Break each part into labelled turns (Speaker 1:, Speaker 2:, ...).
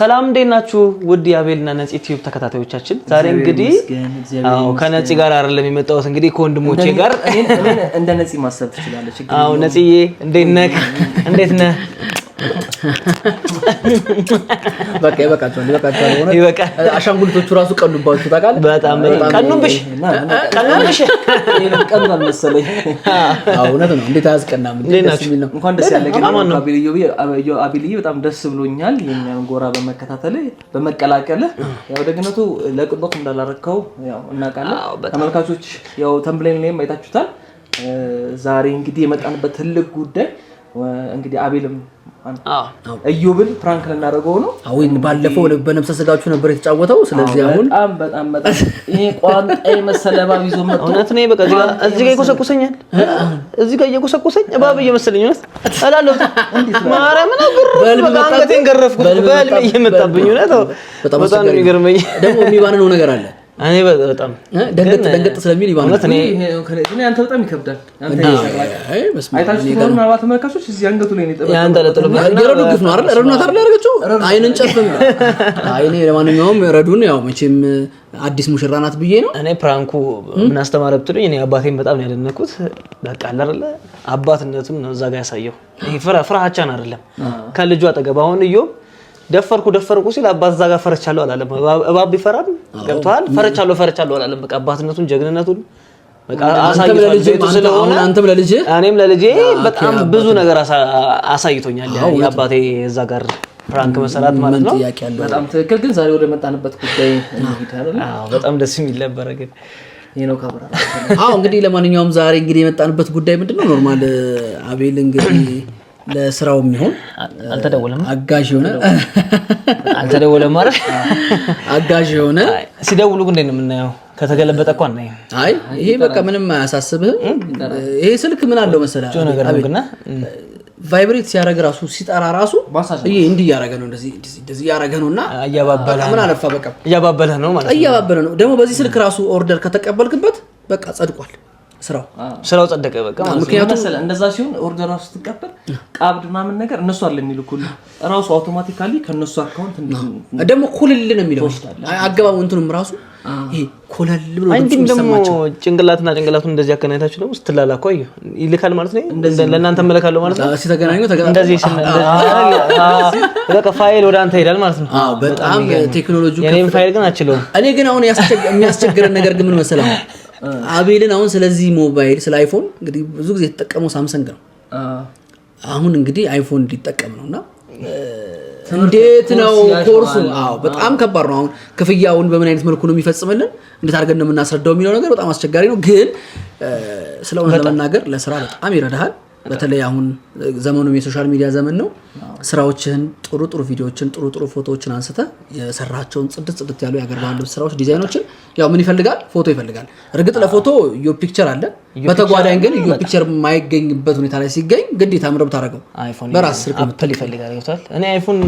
Speaker 1: ሰላም እንዴት ናችሁ? ውድ የአቤልና ነፂ ዩቲዩብ ተከታታዮቻችን፣ ዛሬ እንግዲህ ከነፂ ጋር አይደለም የመጣሁት እንግዲህ ከወንድሞቼ ጋር እንደ ነፂ ማሰብ ትችላለች። አዎ ነፂዬ፣ እንዴት ነህ? እንዴት ነህ?
Speaker 2: በቃ ይበቃቸዋል፣ ይበቃቸዋል። አሻንጉሊቶቹ ራሱ ቀኑባችሁ ታውቃለህ።
Speaker 1: በጣም ቀኑብሽ፣ ቀኑብሽ
Speaker 2: ቀኑ አልመሰለኝ። እውነት ነው። እንዴት አያስቀናም? እንኳን ደስ ያለ ግን አቤልዬ፣ በጣም ደስ ብሎኛል የእኛን ጎራ በመከታተል በመቀላቀል። ያው ደግነቱ ለቅጦት እንዳላረከው እናውቃለን። ተመልካቾች ያው ተምብሌን ላይም አይታችሁታል። ዛሬ እንግዲህ የመጣንበት ትልቅ ጉዳይ እንግዲህ አቤልም እዩብን ፕራንክ ልናደርገው ነው።
Speaker 1: አሁን ባለፈው በነብሰ ስጋችሁ ነበር የተጫወተው። ስለዚህ
Speaker 2: አሁን በጣም በጣም በጣም ይሄ ቋንጣ የመሰለ እባብ ይዞ መጥቶ
Speaker 1: እውነት ነው። በቃ እዚህ ጋር ይቆሰቁሰኛል፣ እዚህ ጋር እየቆሰቁሰኝ እባብ እየመሰለኝ ነው እላለሁ። ማርያም ነው ብር በቃ አንገቴን ገረፍኩት በልብ እየመጣብኝ ነው። በጣም ነው የሚገርመኝ።
Speaker 2: ደግሞ የሚባንነው ነገር አለ
Speaker 1: እኔ በጣም
Speaker 2: ደንገጥ ደንገጥ ስለሚል ይባላል። አንተ በጣም ይከብዳል። ተመልካቾች እዚህ አንገቱ ግፍ
Speaker 1: ነው አይደል?
Speaker 2: ረዱን አታር ያደረገችው አይንን ጨፍም አይኔ። ለማንኛውም ረዱን ያው መቼም አዲስ ሙሽራ ናት ብዬ ነው
Speaker 1: እኔ ፕራንኩ ምን አስተማረ ብትሉኝ፣ እኔ አባቴን በጣም ነው ያደነኩት። በቃ አለ አባትነቱን ነው እዛ ጋር ያሳየው። ይሄ ፍራቻን አይደለም ከልጁ አጠገብ አሁን እዮም ደፈርኩ ደፈርኩ ሲል አባት እዛ ጋር ፈረቻለሁ አላለም። እባብ ቢፈራም ገብቷል። ፈረቻለሁ ፈረቻለሁ አላለም። በቃ አባትነቱን ጀግንነቱን አንተም ለልጄ እኔም ለልጄ በጣም ብዙ ነገር አሳይቶኛል። የአባቴ እዛ ጋር ፕራንክ መሰራት ማለት ነው።
Speaker 2: በጣም ትክክል። ግን ዛሬ ወደ መጣንበት ጉዳይ
Speaker 1: በጣም ደስ የሚል ነበረ ግን
Speaker 2: እንግዲህ ለማንኛውም ዛሬ እንግዲህ የመጣንበት ጉዳይ ምንድን ነው? ኖርማል አቤል እንግዲህ ለስራው የሚሆን አልተደወለም፣ አጋዥ የሆነ
Speaker 1: አልተደወለም፣ ማለት
Speaker 2: አጋዥ የሆነ
Speaker 1: ሲደውሉ ግን ነው የምናየው። ከተገለበጠ እኮ አናይም።
Speaker 2: አይ ይሄ በቃ ምንም አያሳስብህም። ይሄ ስልክ ምን አለው መሰለህ ቫይብሬት ሲያደረግ ራሱ ሲጠራ ራሱ ይሄ እንዲህ እያረገ ነው እንደዚህ እያረገ ነው እና ምን አለፋ በቃ
Speaker 1: እያባበለ ነው
Speaker 2: ማለት እያባበለ ነው። ደግሞ በዚህ ስልክ ራሱ ኦርደር ከተቀበልክበት በቃ ጸድቋል። ስራው
Speaker 1: ስራው ጸደቀ። በቃ
Speaker 2: ምክንያቱም እንደዛ ሲሆን ኦርደር ራሱ ስትቀበል ቃብድ ምናምን ነገር እነሱ አለ የሚሉ ሁሉ ራሱ አውቶማቲካሊ ከነሱ አካውንት ደግሞ ኮልል ነው የሚለው አገባቡ እንትንም ራሱ ይሄ ኮለል
Speaker 1: ብሎ እንግዲህ ደግሞ ጭንቅላትና ጭንቅላቱን እንደዚህ አገናኝታችሁ ደግሞ ስትላላ አየሁ ይልካል ማለት ነው። ለእናንተ መለካለሁ ማለት
Speaker 2: ነው። ተገናኙ እንደዚህ
Speaker 1: በቃ ፋይል ወደ አንተ ይሄዳል ማለት
Speaker 2: ነው። በጣም ቴክኖሎጂ
Speaker 1: ፋይል ግን አችለውም።
Speaker 2: እኔ ግን አሁን የሚያስቸግረን ነገር ግን ምን መሰለህ አቤልን አሁን ስለዚህ ሞባይል ስለ አይፎን እንግዲህ ብዙ ጊዜ የተጠቀመው ሳምሰንግ ነው። አሁን እንግዲህ አይፎን እንዲጠቀም ነው እና እንዴት ነው ኮርሱ? በጣም ከባድ ነው። አሁን ክፍያውን በምን አይነት መልኩ ነው የሚፈጽምልን፣ እንዴት አድርገን ነው የምናስረዳው የሚለው ነገር በጣም አስቸጋሪ ነው። ግን ስለሆነ ለመናገር ለስራ በጣም ይረዳሃል። በተለይ አሁን ዘመኑም የሶሻል ሚዲያ ዘመን ነው። ስራዎችህን ጥሩ ጥሩ ቪዲዮዎችን ጥሩ ጥሩ ፎቶዎችን አንስተ የሰራቸውን ጽድት ጽድት ያሉ የአገር ባህል ልብስ ስራዎች፣ ዲዛይኖችን ያው ምን ይፈልጋል? ፎቶ ይፈልጋል። እርግጥ ለፎቶ ዮ ፒክቸር አለ። በተጓዳኝ ግን ዮ ፒክቸር የማይገኝበት ሁኔታ ላይ ሲገኝ ግዴታ ምረብ ታደረገው
Speaker 1: በራስ ስልክ ይፈልጋል። ይወታል እኔ አይፎን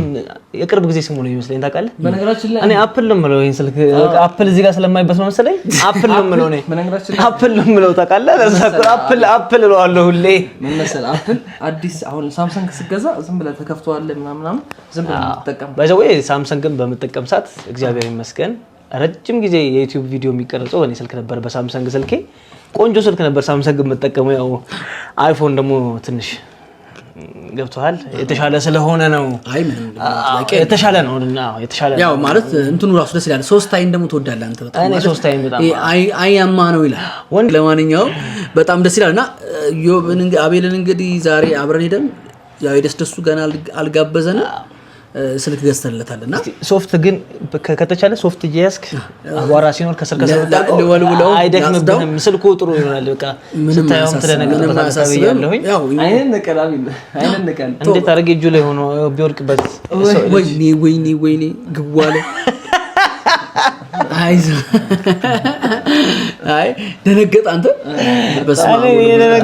Speaker 1: የቅርብ ጊዜ ስሙ ነው ይመስለኝ ታውቃለህ። እኔ አፕል ነው የምለው ይህን ስልክ አፕል እዚህ ጋር ስለማይበት ነው መሰለኝ አፕል ነው የምለው እኔ አፕል ነው የምለው ታውቃለህ። አፕል አፕል እለዋለሁ ሁሌ
Speaker 2: መሰል አፕል አዲስ አሁን ሳምሰንግ ስገዛ ዝም ብለህ ተከፍተዋለህ ምናምን ዝም ብለህ የምትጠቀም
Speaker 1: ባይ ዘ ሳምሰንግን በምጠቀም ሰዓት እግዚአብሔር ይመስገን ረጅም ጊዜ የዩቲዩብ ቪዲዮ የሚቀረጸው በእኔ ስልክ ነበር፣ በሳምሰንግ ስልኬ። ቆንጆ ስልክ ነበር ሳምሰንግ የምጠቀመው። ያው አይፎን ደግሞ ትንሽ ገብተዋል። የተሻለ ስለሆነ ነው። የተሻለ ነው
Speaker 2: ያው ማለት እንትኑ ራሱ ደስ ይላል። ሶስት አይን ደግሞ ትወዳለህ
Speaker 1: አንተ
Speaker 2: አያማ ነው ይላል ወንድ። ለማንኛውም በጣም ደስ ይላል እና አቤልን እንግዲህ ዛሬ አብረን ሄደን ያው የደስ ገና አልጋበዘንም ስልክ ገዝተንለታል እና
Speaker 1: ሶፍት ግን ከተቻለ ሶፍት እየያዝክ አቧራ ሲኖር ከስር ከስር አይደክምብህም። ስልኩ ጥሩ ይሆናል። በቃ ስታየውም ትደነግጥበታለሁኝ። እንዴት አድርጌ እጁ ላይ ሆኖ ቢወድቅበት
Speaker 2: ወይኔ ወይኔ ወይኔ ግቧለ አይ ደነገጥ አንተ
Speaker 1: በስመ አብ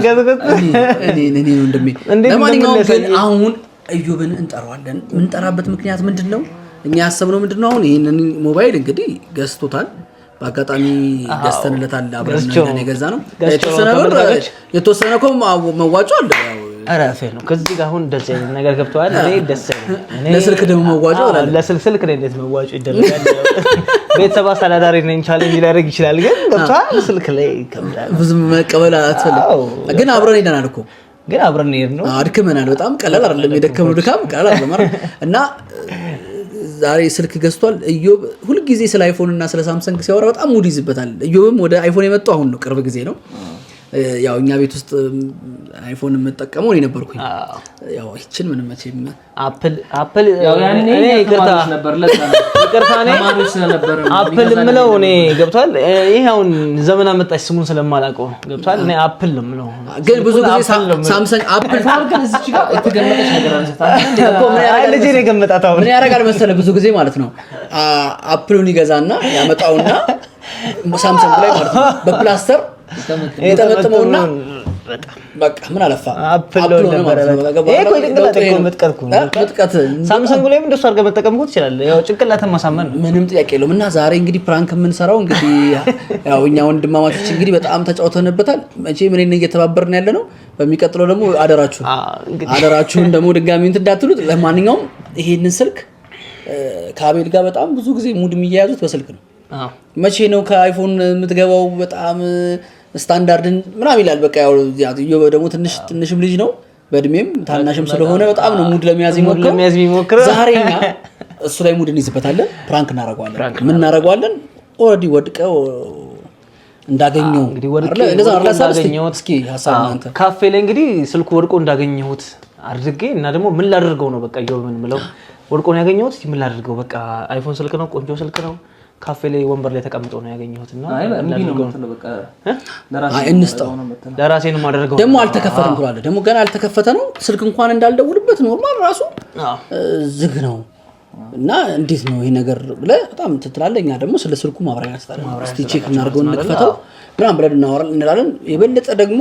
Speaker 1: ደነገጥኩት።
Speaker 2: ለማንኛውም ግን አሁን እዮብን እንጠራዋለን። የምንጠራበት ምክንያት ምንድን ነው? እኛ ያሰብነው ምንድን ነው? አሁን ይህንን ሞባይል እንግዲህ ገዝቶታል። በአጋጣሚ ገዝተንለታል። አብረን የገዛ ነው። የተወሰነ እኮ መዋጮ አለ
Speaker 1: እረፌ ነው ከዚህ ጋር አሁን ደስ አይነት ነገር ገብተዋል። እኔ ደስ አይነት
Speaker 2: ለስልክ ደግሞ መዋጮ አለ
Speaker 1: ለስልክ ስልክ ላይ እንዴት መዋጮ ይደረጋል? ቤተሰብ አስተዳዳሪ ነኝ ቻሌንጅ ሊያደርግ ይችላል፣ ግን ገብተዋል። ስልክ ላይ
Speaker 2: ብዙ መቀበል አትፈልግ፣ ግን አብረን ሄደናል እኮ
Speaker 1: ግን አብረን ሄድ
Speaker 2: ነው አድክመናል። በጣም ቀላል አይደለም የደከመው ድካም ቀላል አይደለም እና ዛሬ ስልክ ገዝቷል እዮብ። ሁልጊዜ ስለ አይፎን እና ስለ ሳምሰንግ ሲያወራ በጣም ሙድ ይዝበታል። እዮብም ወደ አይፎን የመጣው አሁን ነው፣ ቅርብ ጊዜ ነው። ያው እኛ ቤት ውስጥ አይፎን የምጠቀመው እኔ ነበርኩኝ። ያው ይችን ምንም መቼም
Speaker 1: አፕል አፕል ምለው እኔ ገብቷል። ይሄ አሁን ዘመን አመጣሽ ስሙን ስለማላውቀው ገብቷል። እኔ አፕል ነው ምለው፣
Speaker 2: ግን ብዙ ጊዜ ሳምሰንግ አፕል ምን ያደርጋል መሰለህ ብዙ ጊዜ ማለት ነው አፕሉን ይገዛና ያመጣውና ሳምሰንግ ላይ ማለት ነው በፕላስተር የጠመጥመውና በቃ ምን አለፋ
Speaker 1: ሳምሰንጉ ላይም እንደሱ አድርገህ መጠቀም እኮ ትችላለህ። ያው ጭንቅላትን ማሳመን
Speaker 2: ነው፣ ምንም ጥያቄ የለውም። እና ዛሬ እንግዲህ ፕራንክ የምንሰራው እንግዲህ ያው እኛ ወንድማማቾች እንግዲህ በጣም ተጫውተንበታል። መቼም እኔን እየተባበርን ያለ ነው። በሚቀጥለው ደግሞ አደራችሁ አደራችሁን ደግሞ ድጋሚ እንትን እንዳትሉት። ለማንኛውም ይሄንን ስልክ ከአቤል ጋር በጣም ብዙ ጊዜ ሙድ የሚያያዙት በስልክ ነው። መቼ ነው ከአይፎን የምትገባው በጣም ስታንዳርድን ምናም ይላል። በቃ ያው ደግሞ ትንሽ ትንሽም ልጅ ነው በእድሜም ታናሽም ስለሆነ በጣም ነው ሙድ ለመያዝ የሚሞክረው። ዛሬ እሱ ላይ ሙድ እንይዝበታለን፣ ፕራንክ እናረገዋለን። ምን እናረገዋለን? ኦረዲ ወድቀው እንዳገኘው
Speaker 1: ካፌ ላይ እንግዲህ ስልኩ ወድቆ እንዳገኘሁት አድርጌ እና ደግሞ ምን ላደርገው ነው በቃ ምን ምለው ወድቆ ነው ያገኘሁት። ምን ላደርገው በቃ አይፎን ስልክ ነው፣ ቆንጆ ስልክ ነው ካፌ ላይ ወንበር ላይ ተቀምጦ ነው ያገኘሁት እና ለራሴ ነው የማደርገው።
Speaker 2: ደግሞ አልተከፈተም ትላለህ። ደግሞ ገና አልተከፈተ ነው ስልክ እንኳን እንዳልደውልበት ኖርማል ራሱ ዝግ ነው እና እንዴት ነው ይሄ ነገር ብለህ በጣም እንትን ትላለህ። እኛ ደግሞ ስለ ስልኩ ማብራሪያ ስታለ ስቲ ቼክ እናደርገው እንክፈተው ምናምን ብለን እንላለን። የበለጠ ደግሞ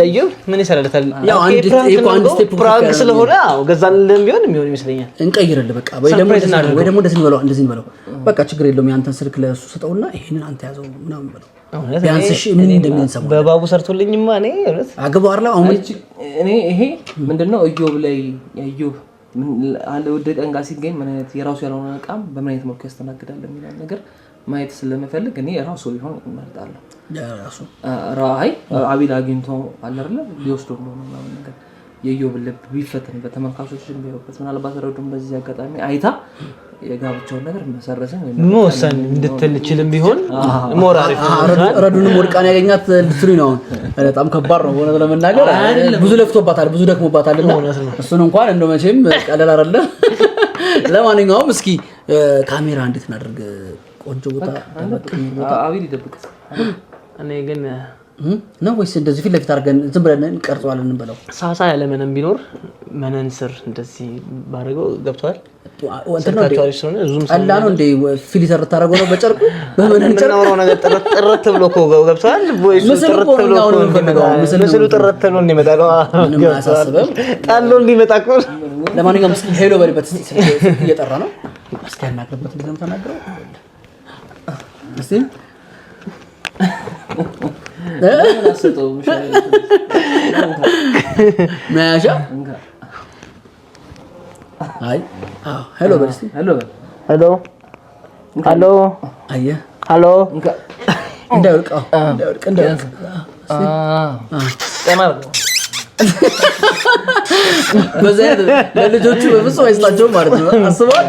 Speaker 1: ለዩ ምን ይሰራልታል? ፕራንክ ስለሆነ ገዛልን ቢሆን የሚሆን ይመስለኛል።
Speaker 2: እንቀይርልህ በቃ ወይ ደግሞ እንደዚህ እንበለው በቃ ችግር የለውም። የአንተን ስልክ ለእሱ ስጠውና ይህንን አንተ ያዘው ምናምን በለው ቢያንስ ምን እንደሚንሰማ
Speaker 1: በባቡ ሰርቶልኝማ እኔ
Speaker 2: አግባር ላ አሁን እኔ ይሄ ምንድነው እዮብ ላይ እዮብ አለወደቀ ዕቃ ሲገኝ ምን አይነት የራሱ ያልሆነ እቃም በምን አይነት መልኩ ያስተናግዳል የሚለውን ነገር ማየት ስለምፈልግ እኔ ራሱ ቢሆን እመርጣለሁ። ራይ አቢል አግኝቶ አለርለ ሊወስዶ ብሎ ነው ምናምን ነገር የኢዮብን ልብ ቢፈትን በተመልካቾች ቢበት ምናልባት ረዱም በዚህ አጋጣሚ አይታ የጋብቻውን ነገር መሰረትን
Speaker 1: መወሰን እንድትልችልም ቢሆን
Speaker 2: ረዱንም ወድቃን ያገኛት ልትሉ ነው። በጣም ከባድ ነው። በእውነት ለመናገር ብዙ ለፍቶባታል፣ ብዙ ደክሞባታል። እሱን እንኳን እንደ መቼም ቀለል አይደለም። ለማንኛውም እስኪ ካሜራ እንዴት እናደርግ? ቆንጆ ቦታ
Speaker 1: አቢል ይደብቅ እኔ ግን
Speaker 2: ነው ወይስ እንደዚህ ፊት ለፊት አድርገን ዝም ብለን እንቀርጸዋለን እንበለው?
Speaker 1: ሳሳ ያለ መነን ቢኖር መነን ስር እንደዚህ ባድርገው ገብተዋል።
Speaker 2: ጠላ ነው እንደ ፊልተር ታደርገው ነው በጨርቁ በመነን
Speaker 1: ጨርቁ ነገር ጥረት ብሎ እኮ ገብተዋል። ምስሉ ጥረት ተብሎ እንዲመጣ ጣሎ እንዲመጣ እኮ።
Speaker 2: ለማንኛውም ሄሎ በልበት እየጠራ ነው። እስኪ ያናግርበት እንደምታናግረው መያዣ ሄሎ ሄሎ ሄሎ እንዳይወድቅ ለልጆቹ በፍጹም አይስጣቸውም ማለት ነው አስበዋል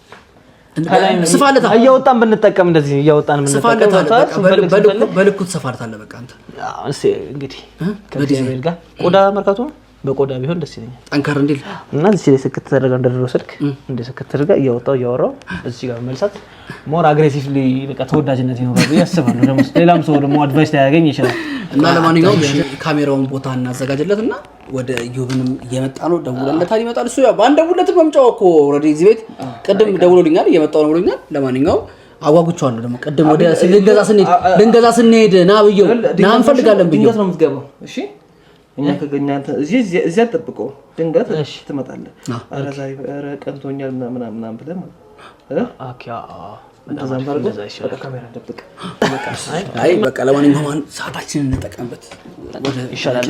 Speaker 1: እያወጣን ብንጠቀም እንደዚህ እያወጣን
Speaker 2: በልኩ ትሰፋለት አለ። በቃ
Speaker 1: እንግዲህ ከእግዚአብሔር ጋር ቆዳ መርካቶ በቆዳ ቢሆን ደስ ይለኛል። ጠንከር እንዲል እና እዚህ ላይ ስክት ተደረገ እንደድሮ ስልክ እንደ ስክት ተደረገ እያወጣው እያወራው እዚህ ጋር መልሳት ሞር አግሬሲቭሊ በቃ ተወዳጅነት ይኖራል ብዬ አስባለሁ። ደግሞ ሌላም ሰው ደግሞ አድቫይስ ላያገኝ ይችላል
Speaker 2: እና ለማንኛውም ካሜራውን ቦታ እናዘጋጅለት እና ወደ ዮብንም እየመጣ ነው። ደውለለታል፣ ይመጣል። እሱ ያው በአንድ ደውለትን መምጫው እኮ ኦልሬዲ እዚህ ቤት ቅድም ደውሎልኛል፣ እየመጣው ነው ብሎኛል። ለማንኛውም ነው ደግሞ ቅድም ወደ ልንገዛ ስንሄድ ልንገዛ ስንሄድ ና ብየው ና እንፈልጋለን ብየው ነው
Speaker 1: የምትገባው። እሺ እኛ ከገኛንተ እዚህ እዚህ አጠብቀው ድንገት ትመጣለህ። ኧረ ዛሬ ኧረ ቀንቶኛል ምናምን ምናምን ብለህ ማለት
Speaker 2: ኦኬ አይ በቃ ለማንኛውም ሰዓታችንን እንጠቀምበት ይሻላል።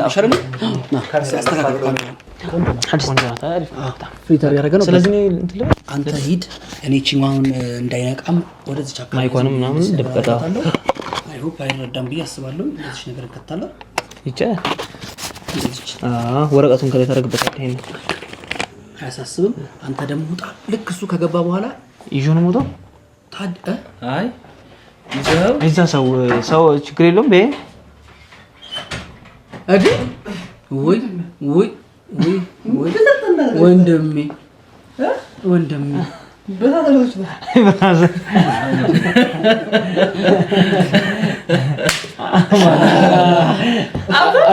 Speaker 2: አንተ ሂድ፣ እኔ እንዳይነቃም
Speaker 1: ማይኮንም ምናምን
Speaker 2: አይረዳም ብዬ አስባለሁ። ነገር እከታለሁ።
Speaker 1: ይቻላል። ወረቀቱን ከላይ
Speaker 2: አያሳስብም። አንተ ደግሞ ውጣ። ልክ እሱ ከገባ በኋላ
Speaker 1: ይዞ ነው የምወጣው አይ ሰው ሰው ችግር የለውም።
Speaker 2: ውይ እግ ወይ ወይ ወይ
Speaker 1: ወንድሜ ወንድሜ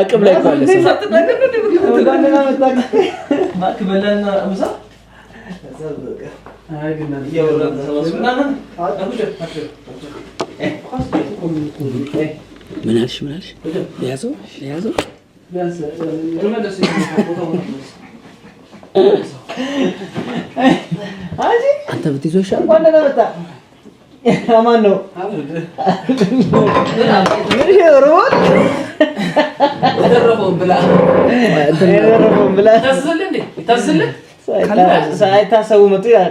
Speaker 1: አቅም ላይ እኮ አለ ምን አልሽ? ምን አልሽ? ያዘው ያዘው። አንተ ብትይዞ ይሻል።
Speaker 2: ማን ነው?
Speaker 1: ሳይታሰቡ መጡ ይላል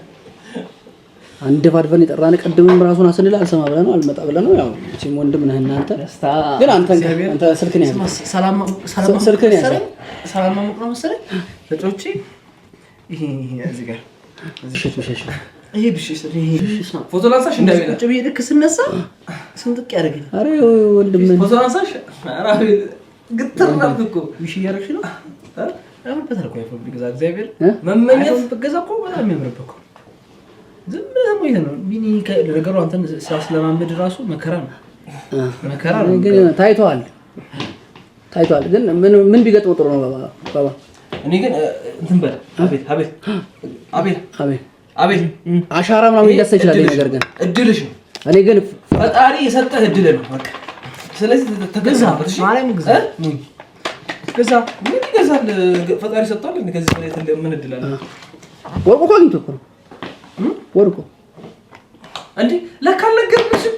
Speaker 1: አንድ ባድበን የጠራን ቅድምም ራሱን አስንል አልሰማ ብለህ ነው አልመጣ ብለህ ነው። ያው እቺም ወንድም ነህ እናንተ ግን አንተ አንተ ስልክን ያዝ
Speaker 2: ሰላም ስልክን ያዝ ሰላም ማሙቅ ነው መሰለኝ ይሄ ይሄ እዚህ ጋር ይሄ ፎቶ ላንሳሽ ስነሳ ስንጥቅ
Speaker 1: አረ ነው ብሽ
Speaker 2: አሁን መመኘት ዝም ብለህ ይሄ ነው ቢኒ ነገሩ። አንተን ሲያስለማምድ ራሱ መከራ ነው መከራ ነው። ግን
Speaker 1: ታይቷል፣ ታይተዋል። ግን ምን ምን ቢገጥመው ጥሩ ነው ባባ?
Speaker 2: እኔ ግን እንትን በል አቤት አቤት አቤት አቤት አቤት
Speaker 1: አሻራ ምናምን ሊያሳ ይችላል። ነገር
Speaker 2: ግን እድልሽ ነው። እኔ ግን ፈጣሪ የሰጠህ እድል ነው በቃ። ስለዚህ ተገዛ ማለም ግዛ ገዛ ምን ይገዛል? ፈጣሪ ሰጥቷል። ከዚህ ምን እድል
Speaker 1: አለ? ወርቁ እኮ አግኝቶ እኮ ነው ወድቆ
Speaker 2: እንዴ ለካ አልነገርኩሽም።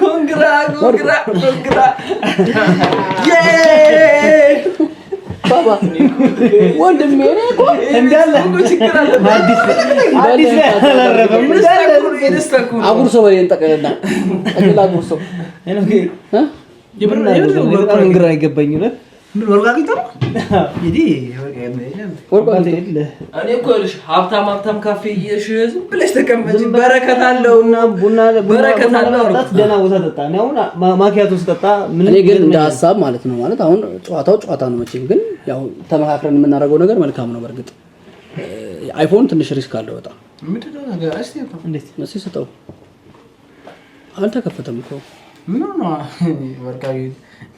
Speaker 2: ኮንግራ ኮንግራ ኮንግራ
Speaker 1: ባባ ወንድሜ እኮ እንዳለ አጉርሶ በሌን ጠቅልላ ጠቅልላ አጉርሶ እንግራ አይገባኝ ነው
Speaker 2: ምን ወርቅ አግኝተው ሀብታም ሀብታም ካፌ ዝም ብለሽ ተቀመጭ። በረከት አለው እና
Speaker 1: ቡና በረከት አለው። ደህና ቦታ ጠጣ። አሁን ማኪያቶ ስጠጣ
Speaker 2: እኔ ግን እንደ ሀሳብ ማለት ነው ማለት አሁን ጨዋታው ጨዋታ ነው መቼም፣ ግን ያው ተመካክረን የምናደርገው ነገር መልካም ነው። በእርግጥ አይፎን ትንሽ ሪስክ አለው በጣም አልተከፈተም እኮ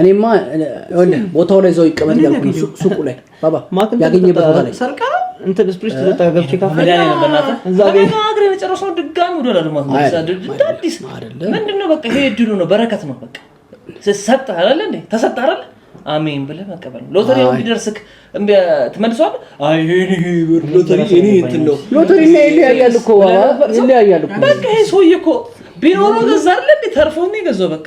Speaker 1: እኔማ ቦታው ላይ እዛው ይቀመጥ ያልኩኝ ሱቁ ላይ ያገኘበት
Speaker 2: ቦታ ላይ ሰርቃ እንትን ስፕሪት ተገብቼ ጨረሰው ድጋሚ ወደ አዲስ ምንድን ነው በቃ ይሄ እድሉ ነው፣ በረከት ነው። በቃ ሰጠህ አይደለ እንዴ? ተሰጠህ አይደለ? አሜን ብለህ መቀበል ነው። ሎተሪ አሁን ቢደርስክ ትመልሰዋለህ?
Speaker 1: ሎተሪ ይለያያል እኮ
Speaker 2: ይለያያል እኮ በቃ ይሄ ሰውዬ እኮ ቢኖረው ገዛ አይደለ እንዴ? ተርፎ ነው በቃ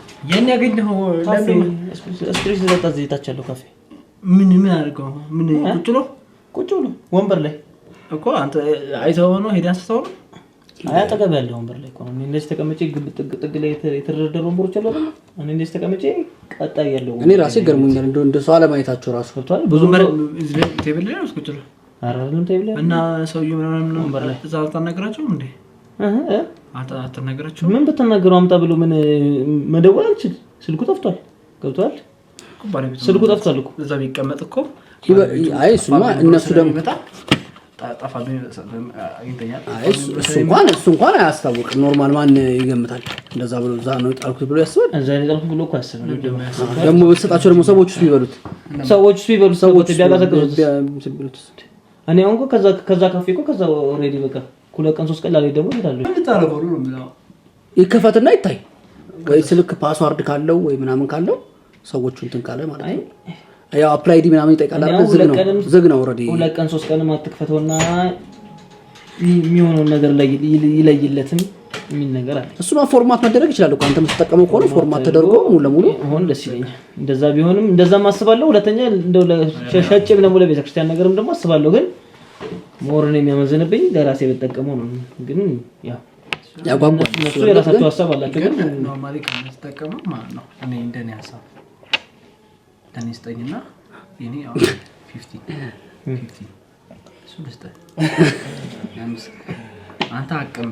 Speaker 2: የኔ ያገኝ ነው
Speaker 1: ስፕሪስ ልጠጣ እዚህ ታች ያለው ካፌ
Speaker 2: ምን ምን አድርገው ምን ቁጭ ነው ቁጭ ብሎ ወንበር ላይ እኮ አንተ አይተው ነው ሄደህ አንስተኸው ነው
Speaker 1: አይ አጠገብ ያለ ወንበር ላይ እኮ ነው እኔ እንደዚህ ተቀመጬ ጥግ ላይ የተደረደሩ ወንበሮች አሉ እኔ እንደዚህ ተቀመጬ ቀጣይ ያለው
Speaker 2: እኔ ራሴ ገርሞኛል እንደ እንደ ሰው አለማየታቸው ራሱ ገብቷል ብዙ ቴብል ላይ ነው ቁጭ ነው ኧረ ቴብል ላይ እና ሰውዬው ምናምን ወንበር ላይ እዛ አልተናገራቸውም እንዴ አትናገራቸውም።
Speaker 1: ምን ብትናገረው አምጣ ብሎ ምን መደወል አልችል። ስልኩ ጠፍቷል። ገብቷል። ስልኩ ጠፍቷል እኮ
Speaker 2: እዛ ቢቀመጥ እኮ
Speaker 1: አይ እሱማ እነሱ ደግሞ እሱ እንኳን አያስታወቅ ኖርማል ማን ይገምታል? እንደዛ ብሎ እዛ ነው ጣልኩት ብሎ ያስባል። እዛ ነው ጣልኩት ብሎ እኮ ያስባል። ደግሞ ብትሰጣቸው ደግሞ ሰዎች ውስጥ ቢበሉት
Speaker 2: ሰዎች ውስጥ ቢበሉት ሰዎች ቢያቀዘቅዙት
Speaker 1: እኔ አሁን ከዛ ከዛ ካፌ እኮ ከዛ ኦልሬዲ በቃ ሁለት ቀን ሶስት ቀን ላይ ደግሞ
Speaker 2: እሄዳለሁ። እንታረፈው ነው
Speaker 1: ይከፈትና ይታይ ወይ ስልክ ፓስዋርድ ካለው ወይ ምናምን ካለው ሰዎቹ እንትን ካለ ማለት ነው። ያው አፕላይዲ ምናምን ይጠይቃል አይደል? ዝግ ነው ዝግ ነው ኦልሬዲ
Speaker 2: ሁለት ቀን ሶስት ቀን አትክፈተውና የሚሆነውን ነገር ይለይለትም የሚል ነገር አለ።
Speaker 1: እሱማ ፎርማት መደረግ ይችላል እኮ አንተ የምትጠቀመው ከሆነ ፎርማት ተደርጎ ሙሉ ለሙሉ
Speaker 2: አሁን ደስ ይለኛል። እንደዛ ቢሆንም እንደዛም አስባለሁ። ሁለተኛ እንደው ለሸጭም ደግሞ ለቤተክርስቲያን ነገርም ደግሞ አስባለሁ። ግን ሞርን የሚያመዝንብኝ ለራሴ በጠቀመው ነው። ግን ያው ያጓጓል። እሱ የራሳቸው ሀሳብ አላቸው።
Speaker 1: ግን ኖርማሊ ከምትጠቀመው ማለት ነው እኔ እንደኔ ሀሳብ ለኔ ስጠኝና እኔ አሁን ፊፍቲ ፊፍቲ እሱ ልስጠኝ አንተ አቅም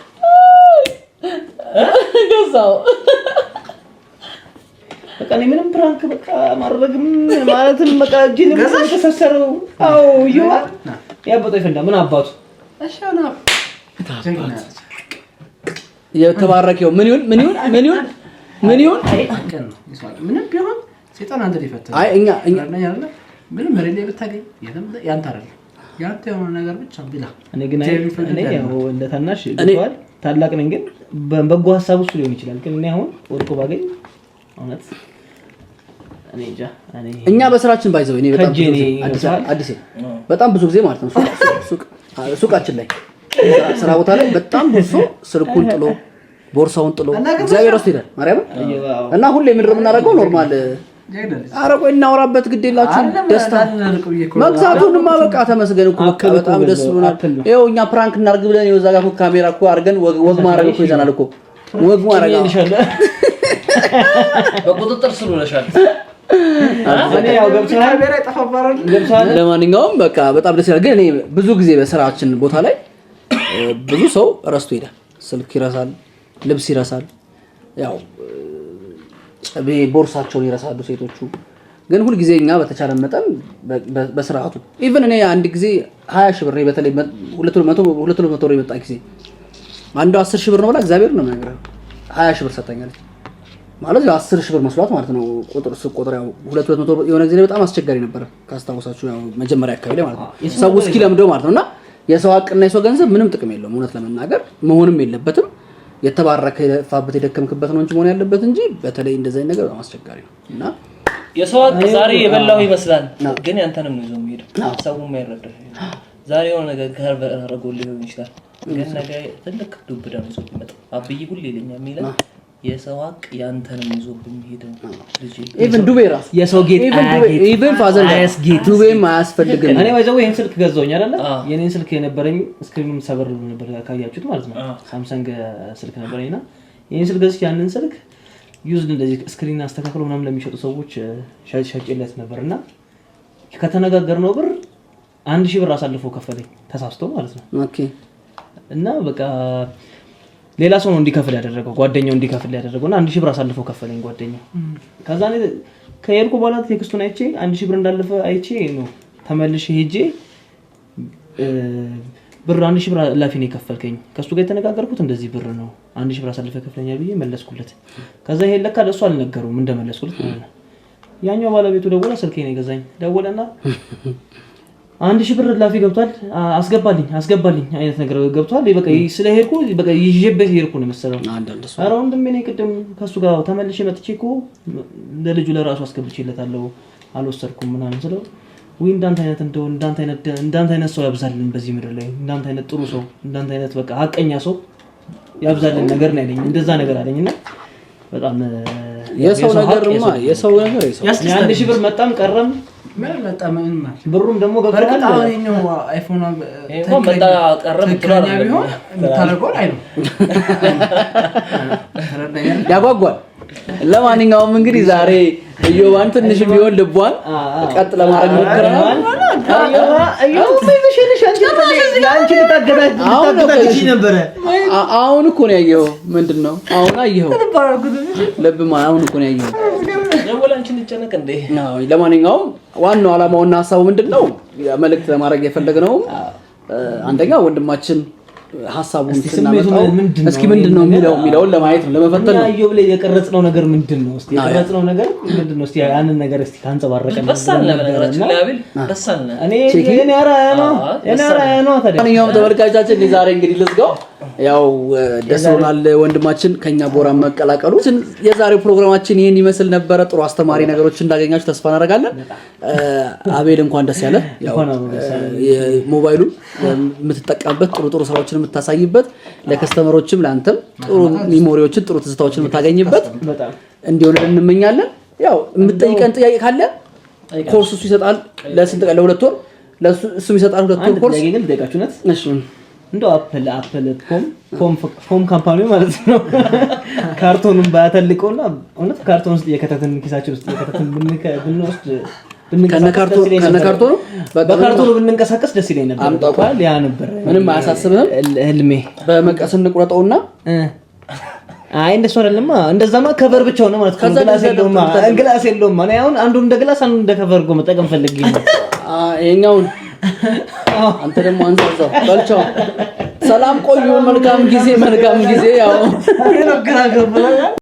Speaker 1: እዛው
Speaker 2: በቃ እኔ ምንም ፕራንክ በቃ ማድረግም ማለትም በቃ እጅን ተሰሰረው። አዎ ይዋል
Speaker 1: ያበጠው ይፈንዳ። ምን አባቱ የተባረከው ምን ይሁን ምን ይሁን ምን ይሁን ምን ይሁን
Speaker 2: ምንም ቢሆን ሴጣን አንተ ሊፈትህ። አይ እኛ እኛ ምንም መሬት ላይ ብታገኝ ያንተ አይደለም ያንተ የሆነ ነገር ብቻ ቢላ
Speaker 1: እኔ ግን አይ እኔ ያው እንደ ታናሽ ታላቅ ነኝ፣ ግን
Speaker 2: በጎ ሀሳብ ውስጥ ሊሆን ይችላል። ግን እኔ አሁን ወርቆ ባገኝ እውነት
Speaker 1: እኛ በስራችን ባይዘው እኔ በጣም ብዙ ጊዜ ማለት ነው ሱቃችን ላይ ስራ ቦታ ላይ በጣም ብዙ ስልኩን ጥሎ ቦርሳውን ጥሎ እግዚአብሔር ወስዶ ይላል ማርያም እና ሁሌ ምንድን ነው የምናደርገው ኖርማል ኧረ ቆይ እናውራበት፣ ግድ የላችሁ ደስታ መግዛቱንማ በቃ ተመስገን እኮ በቃ በጣም ደስ ብሎናል። ይኸው እኛ ፕራንክ እናርግ ብለን እዛ ጋር ካሜራ እኮ አድርገን ወግ ማድረግ እኮ ይዘናል እኮ ወግ ማድረግ
Speaker 2: በቁጥጥር ስር ውለሻል።
Speaker 1: ለማንኛውም በቃ በጣም ደስ ይላል። ግን እኔ ብዙ ጊዜ በስራችን ቦታ ላይ ብዙ ሰው ረስቶ ይሄዳል። ስልክ ይረሳል፣ ልብስ ይረሳል። ያው ቦርሳቸውን ይረሳሉ ሴቶቹ። ግን ሁልጊዜ እኛ በተቻለ መጠን በስርዓቱ ኢቨን እኔ አንድ ጊዜ ሀያ ሺህ ብር በተለይ ሁለት መቶ ብር የመጣ ጊዜ አንዱ አስር ሺህ ብር ነው ብላ እግዚአብሔር ነው የሚነግረው ሀያ ሺህ ብር ሰጠኛለች ማለት አስር ሺህ ብር መስሏት ማለት ነው። ቁጥር ቁጥር ያው ሁለት ሁለት መቶ የሆነ ጊዜ በጣም አስቸጋሪ ነበረ ካስታወሳችሁ፣ ያው መጀመሪያ አካባቢ ላይ ማለት ነው ሰው ለምደው ማለት ነው። እና የሰው ሀቅና የሰው ገንዘብ ምንም ጥቅም የለውም እውነት ለመናገር መሆንም የለበትም የተባረከ የለፋበት የደከምክበት ነው እንጂ መሆን ያለበት እንጂ በተለይ እንደዚህ ነገር በጣም አስቸጋሪ ነው እና
Speaker 2: የሰዋት ዛሬ የበላው ይመስላል፣ ግን ያንተንም ነው ይዞ የሚሄደው። ሰው የማይረዳ ዛሬ የሆነ ነገር ጋር በረጎ ሊሆን ይችላል፣ ግን ነገ ትልቅ ዱብ እዳ ነው አብይ ሁሌ ይለኛል የሚለ የሰው ሀቅ ያንተን
Speaker 1: ይዞብህ
Speaker 2: የሰው ስልክ ገዛውኝ አይደለ? የኔን ስልክ የነበረኝ እስክሪኑም ሰበር ነበር ካያችሁት ማለት ነው። ሳምሰንግ ስልክ ነበረኝና ስልክ ገዝቼ ያንን ስልክ ዩዝድ እንደዚህ ስክሪን አስተካክሎ ምናምን ለሚሸጡ ሰዎች ሸጬለት ነበርና ከተነጋገርነው ብር አንድ ሺህ ብር አሳልፎ ከፈለኝ ተሳስቶ ማለት ነው። እና በቃ ሌላ ሰው ነው እንዲከፍል ያደረገው ጓደኛው እንዲከፍል ያደረገው እና አንድ ሺህ ብር አሳልፎ ከፈለኝ ጓደኛው። ከዛ ከሄድኩ በኋላ ቴክስቱን አይቼ አንድ ሺህ ብር እንዳለፈ አይቼ ነው ተመልሼ ሄጄ ብር አንድ ሺህ ብር ላፊ ነው የከፈልከኝ ከእሱ ጋር የተነጋገርኩት እንደዚህ ብር ነው አንድ ሺህ ብር አሳልፈ ከፍለኛ ብዬ መለስኩለት። ከዛ ይሄ ለካ ለእሱ አልነገሩም እንደመለስኩለት። ያኛው ባለቤቱ ደወለ፣ ስልኬ ነው የገዛኝ ደወለና አንድ ሺህ ብር ላፊ ገብቷል፣ አስገባልኝ አስገባልኝ አይነት ነገር ገብቷል። በቃ ስለሄድኩ በቃ ይዤበት ሄድኩ ነው መሰለው። ኧረ ወንድሜ እኔ ቅድም ከእሱ ጋር ተመልሼ መጥቼ እኮ ለልጁ ለራሱ አስገብቼለታለሁ አልወሰድኩም ምናምን ስለው ወይ እንዳንተ አይነት እንደው እንዳንተ አይነት ሰው ያብዛልን በዚህ ምድር ላይ እንዳንተ አይነት ጥሩ ሰው እንዳንተ አይነት በቃ ሀቀኛ ሰው ያብዛልን ነገር ነው ያለኝ። እንደዛ ነገር አለኝ በጣም የሰው ነገር የሰው ነገር የሰው የአንድ ሺህ ብር መጣም ቀረም ብሩም ደግሞ ያጓጓል። ለማንኛውም እንግዲህ ዛሬ እዮባን ትንሽ ቢሆን ልቧን ቀጥ ለማድረግ ሞክረናል። አሁን እኮ ነው ያየኸው። ምንድን ነው አሁን አየኸው? ልብ አሁን እኮ ነው ያየኸው አትጨነቅ እንዴ። ለማንኛውም ዋናው አላማውና ሀሳቡ ምንድን ነው? መልእክት ለማድረግ የፈለግነው አንደኛ ወንድማችን ሀሳቡን ስናመጣው እስኪ ምንድን ነው የሚለው የሚለውን ለማየት ነው ለመፈተን ነው። ኢዮብ ላይ የቀረጽነው ነገር ምንድን ነው? እስኪ የቀረጽነው ነገር ምንድን ነው? እስኪ ያንን ነገር እስኪ ካንጸባረቀ ማንኛውም ተመልካቻችን የዛሬ እንግዲህ ልዝጋው። ያው ደስ ሆናል ወንድማችን ከኛ ቦራ መቀላቀሉ። የዛሬው ፕሮግራማችን ይህን ይመስል ነበረ። ጥሩ አስተማሪ ነገሮች እንዳገኛችሁ ተስፋ እናደርጋለን። አቤል እንኳን ደስ ያለ ሞባይሉ የምትጠቀምበት ጥሩ ጥሩ ስራዎችን የምታሳይበት ለከስተመሮችም ለአንተም ጥሩ ሚሞሪዎችን ጥሩ ትዝታዎችን የምታገኝበት እንዲሆንልን እንመኛለን። ያው የምጠይቀን ጥያቄ ካለ ኮርስ እሱ ይሰጣል። ለስንት ቀን? ለሁለት ወር እሱም ይሰጣል። ሁለት ወር ኮርስ እንደው አፕል አፕል ፎም ካምፓኒ ማለት ነው። ካርቶኑን ባያተልቀውና እውነት ካርቶን ውስጥ የከተትን ኪሳችን ውስጥ የከተትን ብንወስድ ከነካርቶኑ በካርቶኑ ብንንቀሳቀስ ደስ ይለኝ ነበር። ያ ነበር ምንም አያሳስብህም? ህልሜ በመቀስ እንቁረጠውና አይ እንደሱ አይደለማ። እንደዛማ ከቨር ብቻ ሆነ ማለት ነው። ግላስ የለውማ፣ ግላስ የለውማ። እኔ አሁን አንዱን እንደ ግላስ አንዱ እንደ ከቨር ጎ መጠቀም ፈልግ ነው። ይኸኛውን አንተ ደግሞ አንሳዛው በልቻው። ሰላም ቆዩ። መልካም ጊዜ፣ መልካም ጊዜ። ያው